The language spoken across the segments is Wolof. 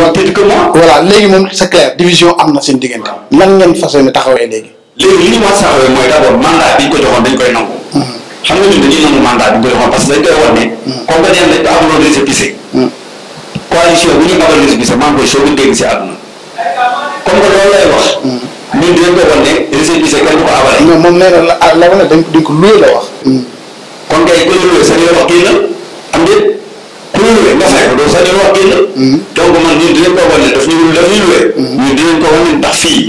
moins plus que léegi moom c'est clair division am na seen diggante. lan ngeen fas yéene taxawee léegi. léegi li ñu war a taxawee mooy d'abord mandat bi dañ koy nangu. Mm-hmm. xam nga mm-hmm. a dégg mm-hmm. si àdduna. comme que loolu lay wax. ñun ko wan ne récépissé kenn du ko abalale. non moom nee la la wane dañ ko duñ ko la wax. ñun la ñuy luwe. Mhm. ñun dinañ ko wax ñun ndax fii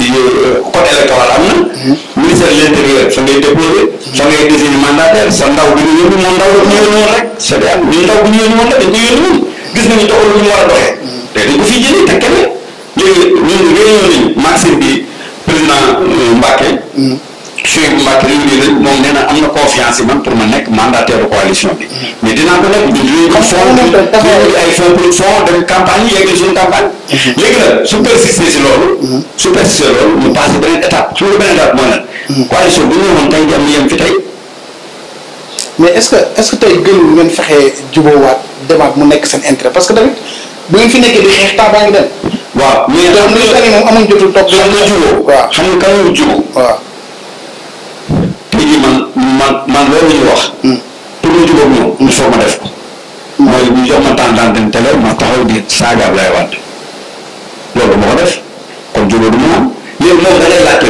euh, code électoral am na. Mhm. ministère de l'intérieur fa ngay déposé. Mhm. fa ngay désigné mandataire sa ndaw bi ñu yónni moom ndaw la ñu yónni woon rek. c'est-à-dire ñun ndaw bi ñu yónni woon rek dañ ko yónni woon gis nañu doxal lu mu war a doxee. te dañ ko fiy jëlee te kenn léegi ñun réunion nañu marché bi président euh, Chérif Mbacke li ñu ne moom nee na am na nekk mandataire coalition bi. mais dinaa ko nekk ñu su persister si loolu. su persister beneen fi tey. mais est-ce que est-ce que tey gënul ngeen fexe jubóowaat demaat mu nekk seen intérêt parce que tamit bu ngeen fi nekkee di xeex temps dem. waaw mais am na moom amuñ jotul topp. xam nga jubóo waaw xam nga kañ la jubóo waaw. nit ñi man man man loolu ñuy mm. pour ñu jubóog ma def mm. mooy ñu jox ma temps d'antenne télé di saaga Abdoulaye Wade loolu ma def kon jubóog du ma am. léegi moom da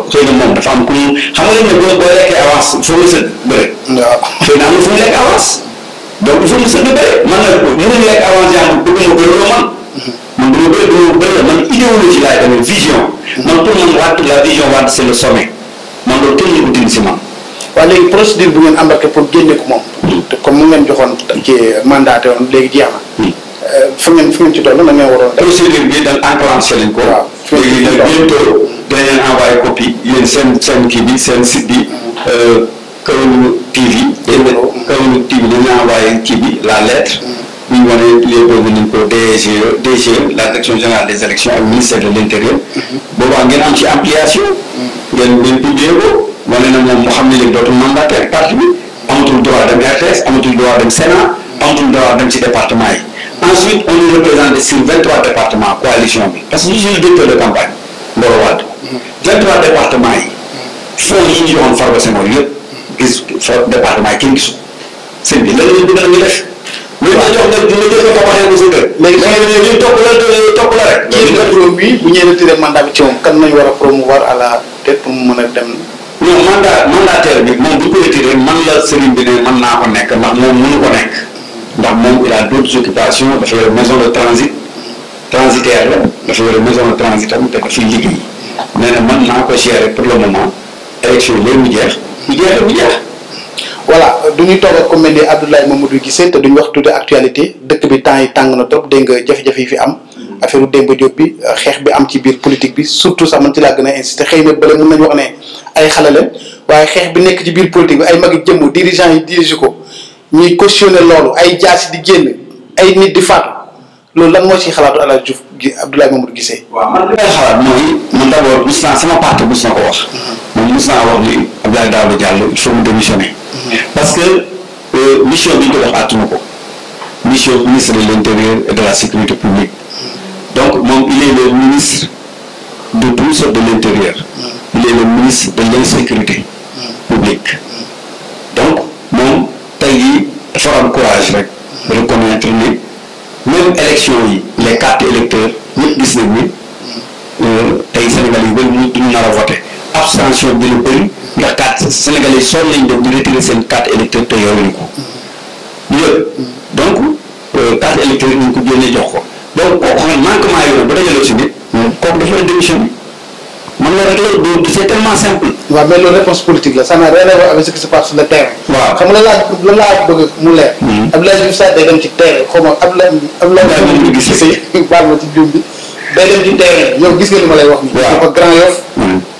mu sëdd bëre. waaw xëy na am na fu mu lekk avance. donc foo mu sëdd bëre man nag mënuñu lekk avance yaa ngi bëgg ma bëri loo man. Mm-hmm. man ma bëri ma bëri man vision. Mm-hmm. man pour la sommet. loolu kenn yëngatuñ si maam. waaw léegi procédure bu ngeen embarqué pour génne ko moom. Hmm. te comme mu ngeen joxoon ci mandaté woon léegi jeex hmm. euh, fu ngeen fu ngeen ci toll na ngeen waroon. procédure bi dañ enclenché lañ ko. waaw seen seen kii bi seen site bi. Euh, Kawlu TV. Kawlu TV dañu envoyé kii bi la lettre. Hmm. nous avons les revenus pour nañ DGE la direction générale des élections le ministère de l'Intérieur. Nous avons une am ci ampliation. nous avons publier ko nous avons moom mu xam ne léegi dootul mandataire parti de amatul droit on a amatul droit de Sénat le droit de ci département ensuite on est représenté sur 23 départements coalition parce que ñu des directeur de campagne Mboro Wade. 23 départements yi. fonds yi ñu joxoon Farba Senghor yëpp gis département yi kenn gisu seen c'est lan la ñu bëgg a def. waaw li jox nag dina jël ko waxee ko sa kër. léegi mais topp la topp la rek. ci pétrole bi bu ñëwee retiré mandat bi ci moom kan nañu war a promouvoir à la tête pour mu mën a dem. non mandat mandataire bi moom bu ko retiré man la sëriñ bi ne man naa ko nekk ndax moom mënu ko nekk. ndax moom il a d'autres occupations dafa yore maison de transit transitaire la dafa yore maison de transit am te ko fiy liggéey nee na man naa ko gérer pour le moment élection léegi mu jeex mu jeex mu voilà du ñu toog ak ku mel ni Abdoulaye Mamadou Guissé te duñ wax tuuti actualité dëkk bi temps yi tàng na trop dégg nga jafe-jafe yi fi am. affaire Demba Diop bi euh, xeex bi am ci biir politique bi surtout sax man ci laa gën a insister xëy na bële mën nañu wax ne ay la waaye xeex bi nekk ci biir politique bi ay mag yu jëmm dirigeant yi dirige ko ñuy cautionné loolu ay jaas di génn ay nit di faatu loolu lan moo ciy xalaatu El Hadj Diouf gi Abdoulaye Mamadou Guissé. waaw man li may xalaat mooy nous sommes parce que euh, mission ministre de l'Intérieur et de la sécurité publique donc il est le ministre de tous de l'intérieur il est le ministre de l'insécurité publique. donc nous, nous courage reconnaître même élection les cartes électeurs abstention bi lu bëri ndax carte sénégalais yi sonn nañ dem di retirer seen ko du yëpp donc carte euh, électeur yi ñu ko génne jox ko ba dajaloo si nit a démissionné man la rek politique la ça n'a rien à ce qui se passe sur le terrain. waaw xam nga lan laa lan laa bëgg mu leer. Hmm. Abdoulaye Diouf Sarr day dem ci terrain xaw ma Abdoulaye Abdoulaye Diouf Sarr gisee baal ma ci juum bi dem ci terrain yow gis nga li ma lay wax. waaw dafa grand yof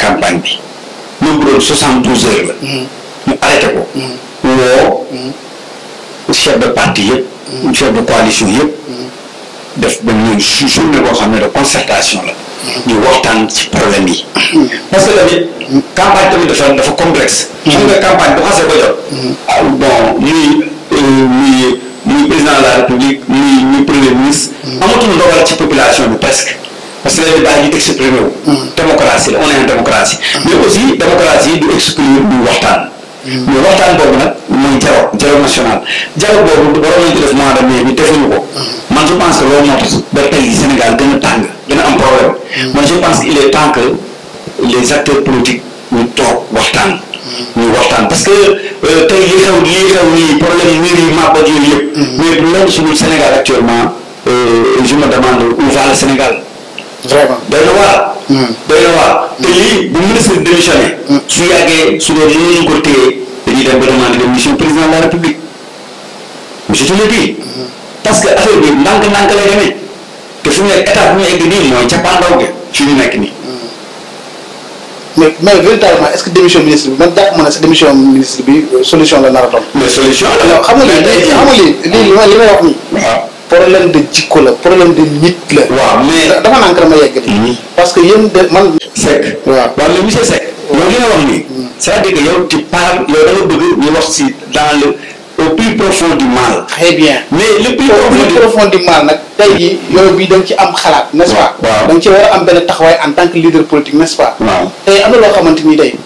campagne bi même bu doon soixante douze heures la. Hmm. mu arrêté ko. Hmm. woo. Hmm. chef de parti yëpp. chef de coalition yëpp. def ba ñu journée boo xam ne de concertation la. ñu waxtaan ci problème yi. parce que tamit campagne tamit dafa dafa complexe. xam nga campagne bu xasee ko jot. ah bon muy muy muy président de la république muy muy premier ministre. amatul ndogal ci population bi presque parce que les bàyyi est mm. démocratie on est en démocratie. Mm. mais aussi démocratie du exprimer du Wartan. Le national mm. je pense que le pays du Sénégal a problème. je pense qu'il est temps que les acteurs politiques nous parce que le euh, problème Sénégal actuellement euh, je me demande où va le Sénégal. vraiment doy na waar. Hmm. doy na waar te lii bu ministre démissionné. Hmm. su yàggee su doon mënuñu ko téye dañuy dem ba demandé dem monsieur président de la république monsieur Tine bii. Hmm. parce que affaire bi ndànk-ndànk lay demee te fu mu nekk état bu ñu egg nii mooy cappaandaw gi fi ñu nekk nii. mais mais véritablement est-ce que démission ministre bi man jàpp ma ne sa démission ministre bi euh, solution la nar a doon. mais solution la xam nga lii xam nga lii lii li may wax nii. problème de jikko la problème de nit la. mais dafa nànk dama yegg hmm. parce que yéen man. sec waaw waaw mais monsieur sec yow li wax ni hmm. c'est-à-dire que yow tu parles yow da nga bëgg ñu wax ci dans le au plus profond du mal. très bien mais le plus profond du mal nag. tey jii yow bi dang ci am xalaat. n'est-ce pas. dang ci war am benn taxawaay en tant que leader politique n'est-ce pas. waaw am na loo xamante day.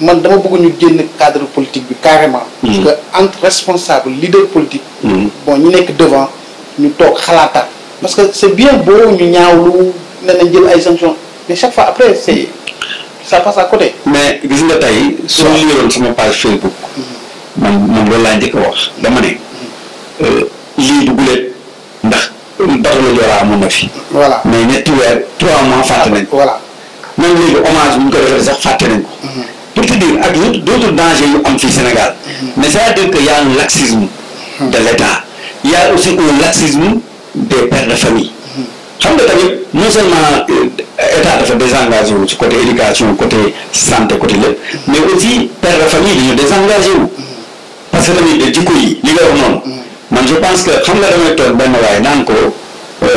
man dama bëgg ñu génn cadre politique bi carrément. Hmm. parce que entre responsable leader politique. bon ñu nekk devant nous la parce que c'est bien beau nous ñaawlu pas mais chaque fois après c'est ça passe à côté. mais vous sur page Facebook. Mm-hmm. man wax dama ne. Mm-hmm. Euh, mais trois mois voilà même hommage pour dire d'autres dangers ont Sénégal. Mm-hmm. mais ça veut dire qu'il y a un laxisme de l'État. y a aussi un laxisme des pères de famille. xam nga tamit non seulement euh, état dafa désengagé wu ci côté éducation côté santé côté lépp mais aussi père de famille dañu désengagé wu. parce que tamit jikko yi li nga wax noonu. man je pense que xam nga damay benn waaye naan ko euh,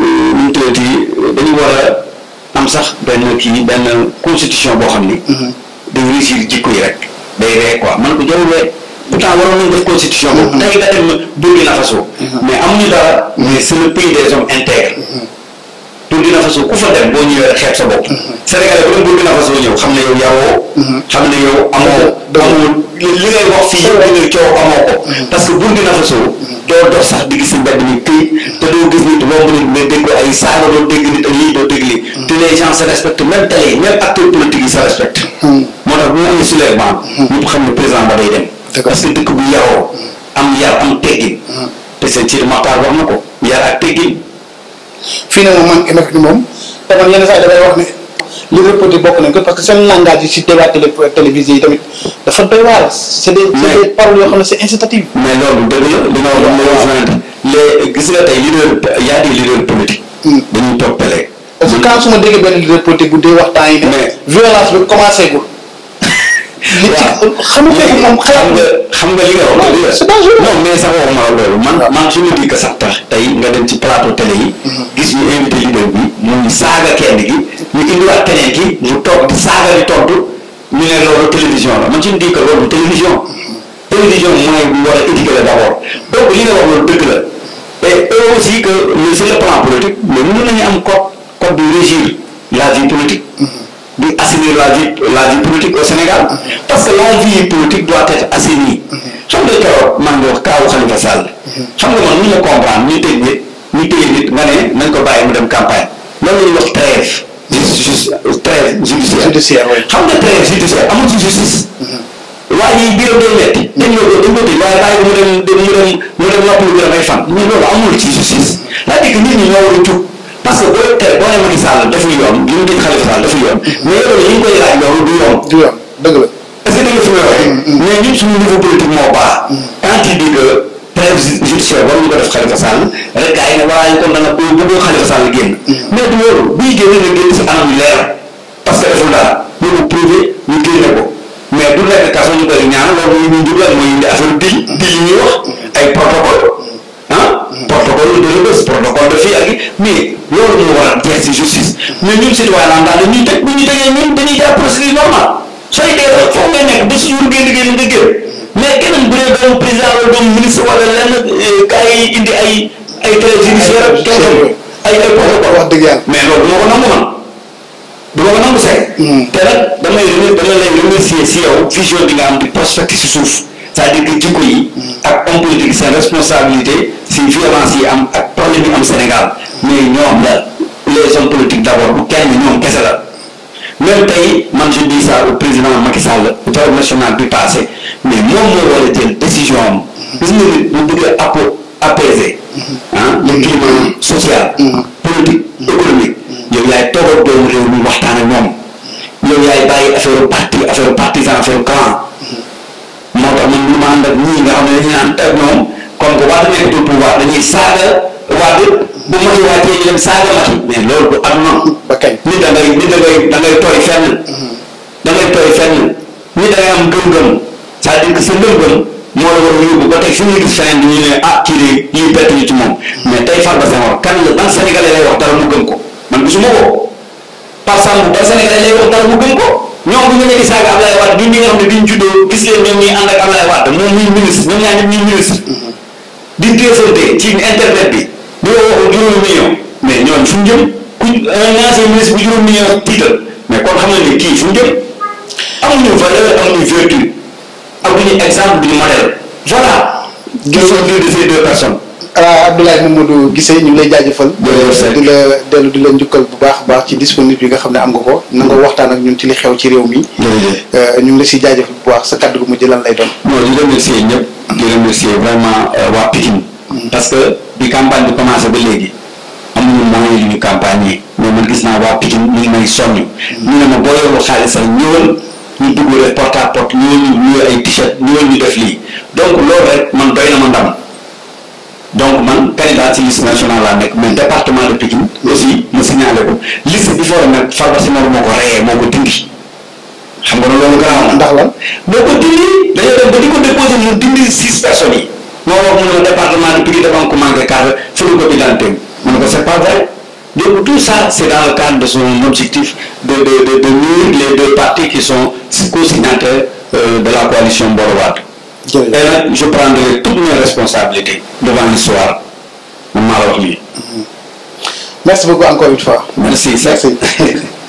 euh, mu tuddati dañu war a am sax benn kii benn constitution boo xam ni. Mhm. dañu réussir jikko yi rek day ree quoi man ko jarul pourtant waroon nañu def constitution moom mm-hmm. tey nga dem Burkina Faso mm-hmm. mais amuñu dara mais c'est le mm-hmm. ku fa dem boo ñëwee rek xeeb sa bopp Sénégalais bu dem Burkina Faso ñëw xam ne yow yaawoo xam ne yow amoo amoo li wax fii li ngay coow amoo parce que Burkina Faso doo dox sax di gis si mbedd mi këy te doo gis nit romb nit mais dégg ay saaga doo dégg nit doo dégg lii te les gens se respectent même télé même acteurs politiques yi se respectent moo tax bu ñu amee parce que dëkk bu yaroo am yar am teggin te seen cër Maxtaar wax na ko yar ak teggin fii ne moom man éméfni moom daman yenn saa yi bokk nañ ko parce que seen langage yi si débat télé yi tamit dafa doy waar c'est des c'est des paroles yoo xam ne c'est incitative mais loolu dëgg li nga wax dama a hmm. dañuy toog parce que quand su ma déggee benn leader politique bu dee waxtaan yi ne violence bi commencé gul xam nga xam nga li nga wax. non mais sax waxuma loolu man man je me dis nga dem ci plateau télé yi. Mhm. gis ñu invité leader bi mu saaga kenn gi ñu indiwaat keneen ki mu toog di saaga di toog ñu ne loolu télévision la man je me dis loolu télévision. télévision mooy bu war a éduquer la d' abord nga wax loolu dëgg la et aussi que sur le plan politique mais mën nañu am code code de régir la vie politique. Mhm. de assainir la vie, la vie politique au Sénégal. Parce que la vie politique doit être assainie. xam nga keroog man de kaawu Khalifa Sall. xam nga man nu ñu la comprendre ñu tëj nit nga ne nañ ko bàyyi mu dem campagne la ñuy wax trêve. justice trêve judiciaire. xam nga trêve judiciaire amul ci justice. waa yi biiram day metti. dañ a parce que boo tey boo nee Macky Sall def lu yoon li mu dégg Khalifa Sall def lu yoon mais yow li ñu koy laaj loolu du yoon. du yoon dëgg la. est-ce que dëgg la fi may waxee. Mm, mm. mais ñun suñu niveau politique moo baax. Mm. quand il dit que trêve judiciaire war ñu ko def Khalifa Sall rek gars yi ne waaye kon da nga ko bëggoo Khalifa Sall génn. mais du loolu buy génn nga génn si anam yu leer parce que deful dara bu ñu prouvé ñu génne ko mais du nekk kaso ñu koy ñaan loolu ñu jublu ak mooy indi affaire di di yi ñuy wax ay protocole ah protocole de Rebeuss protocole de fii ak mais. pièce de justice mais ñun citoyen lambda la ñuy teg bu ñu tegee ñun dañuy jaar procédure normale sooy dee rek foofu ngay nekk ba si jour ngay liggéey nga génn mais keneen bu dee doon président wala doon ministre wala lenn euh, gars yi indi ay ay télé judiciaire ak ay ay protocole wax dëgg yàlla mais loolu duma ko nangu man duma ko nangu seet hmm. te nag damay dama lay remercier si yow vision bi nga am di prospective si suuf c'est-à-dire que jikko yi hmm. ak homme politique seen responsabilité si violence yi am ak problème yi am Sénégal mais ñoom la les la même tey man je dis ça au président Macky Sall dialogue national bi passé mais moom moo war a jël décision am gis nga nit bu bëggee app apaiser ah le climat social politique économique yow yaay toog mi waxtaan ak ñoom yow yaay bàyyi affaire parti partisan affaire clan moo tax man mënuma ànd ak comme que waa da nekk du pouvoir dañuy saaga waa bu ma ñu waajee ñu dem saaga la mais loolu du am noonu ba kañ ni da ngay ni da ngay da ngay tooy fenn mhm. da ngay tooy fenn ni da ngay am gëm-gëm c'est-à-dire que sa ngëm-gëm moo la war a yóbbu ba tey fi ñuy gis feneen ñu ne ah kii de ñuy bett ñu ci moom mais tey farba sa kan la ban sénégalais lay wax dara mu gëm ko man gisuma ko par sambu ban sénégalais lay wax dara mu gëm ko ñoom bu ñu ne di saaga Ablaye Wade du ñi nga xam ne duñ juddoo gis leen ñoom ñuy ànd ak Ablaye Wade moom ñuy ministre ñoom ñaa ñëpp ñuy ministre mhm. di téesante ci internet bi bu juróomi million mais ñoom fu ñu jëm ku un ancien bu juróomi million tiital mais kon xam nga ne kii fu ñu jëm amuñu valeur amuñu vertu amuñu exemple du modèle voilà. gis nga euh, ñu ngi lay jaajëfal. Euh, di la dellu di la njukkal bu baax a baax ci disponible yi nga xam ne am nga ko. Mm-hmm. na nga waxtaan ak ñun ci li xew ci réew mi. Euh, ñu ngi la siy bu baax sa kàddu gu mujj lan lay doon. non di remercier ñëpp. di remercier vraiment waa Pikine. parce que bi campagne bi commencé ba léegi amuñu moyen yu ñu campagne mais man gis naa waa Pikine ñu ngi may soññ. ñu ne ma boo yorul xaalis sax ñëwal ñu dugg def porte à porte ñëwal ñu ñu ay t-shirt ñëwal ñu def lii donc loolu rek man doy na ma ndam donc man candidat ci liste nationale laa nekk mais département de Pikine aussi ma signalé ko liste bi foo nag pharmacie Mor moo ko reyee moo ko dindi xam nga loolu garaaw na ndax lan boo ko dindi dañoo dem le département de de commander c'est Mais c'est pas vrai. Donc tout ça, c'est dans le cadre de son objectif de, de, de, nuire les deux partis qui sont co-signataires euh, de la coalition Borowat. Et là, je prendrai toutes mes responsabilités devant l'histoire. Merci beaucoup encore une fois. Merci. Merci.